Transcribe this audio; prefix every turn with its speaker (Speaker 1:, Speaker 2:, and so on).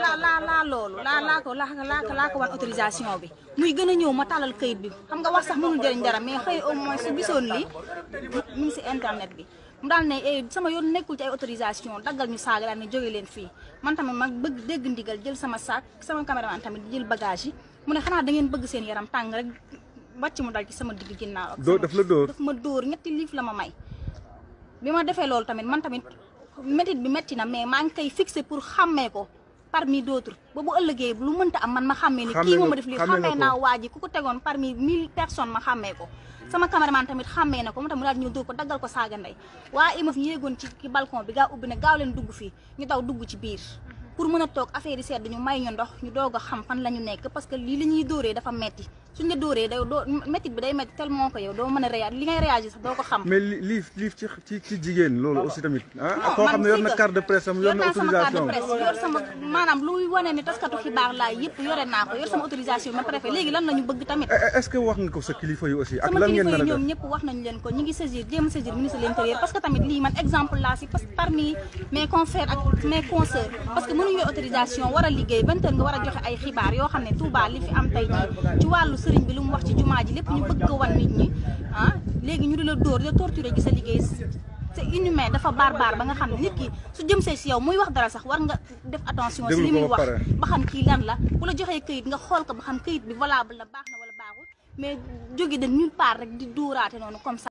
Speaker 1: laa laa laa loolu laa laa ko laa ko war autorisation bi muy gën a ñëw ma tàllal kayit bi xam nga wax sax mënul jël dara mais xëy au moins su gisoon li mu ngi si internet bi mu ne eh, sama yoon nekkul ci ay daggal ñu saaga daal ne jóge leen fii man tamit ma bëgg dégg ndigal jël sama saak sama caméraman tamit jël bagage yi mu ne xanaa da bëgg seen yaram tàng rek wàcc mu dal ci sama digg ginnaaw daf la dóor daf ma dóor ñetti liif la ma may bi ma defee loolu tamit man tamit métit bi métti na mais maa ngi koy fixé pour xam xàmmee ko parmi d'autres ba bu ëllëgee lu mënta am man ma xàmmee ni kii moo ma def lii xàmmee naa waa ji ku ko tegoon parmi mille personnes ma xàmmee ko sama caméraman tamit xàmmee na ko mu tam mu daal ñëw dóor ko daggal ko saaga ndey waa imaf ñu yéegoon ci ci bi gaa ubbi ne gaaw leen dugg fii ñu daw dugg ci biir mhm. pour mën a toog affaire yi sedd ñu may ñu ndox ñu doog a xam fan la ñu nekk parce que lii li ñuy dóoree dafa metti suñ la dóoree day doo métti bi day métti tellement ko yow doo mën a réa li ngay réagir sax doo ko xam. mais li li li ci ci ci jigéen loolu aussi tamit. ah koo xam ne yor na carte de presse am yor na autorisation yor sama maanaam luy wane ne taskatu xibaar laa yëpp yore naa ko yor sama autorisation man préfet léegi lan la ñu bëgg tamit. Eh, eh, est ce que wax nga ko sa kilifa yi aussi. ak lan ngeen nar a def sama kilifa yi ñoom ñëpp wax nañu leen ko ñu ngi saisir jéem a saisir ministre de l' intérieur parce que tamit lii man exemple laa si parce que parmi mes confrères ak mes consoeurs parce que mënuñu autorisation war a liggéey vingt heures nga war a joxe ay xibaar yoo xam ne Touba li fi am tey ci wàllu sëriñ bi lu mu wax ci jumaa ji lépp ñu bëgg ko wan nit ñi ah léegi ñu di la dóor la torturer gi sa liggéey c'est inhumain dafa baar ba nga xam ne nit ki su jëm si yow muy wax dara sax war nga def attention si li muy wax ba xam kii lan la bu la joxee këyit nga xool ko ba xam këyit bi valable na baax na wala baaxul mais jóge de nulle part rek di dóoraate noonu comme ça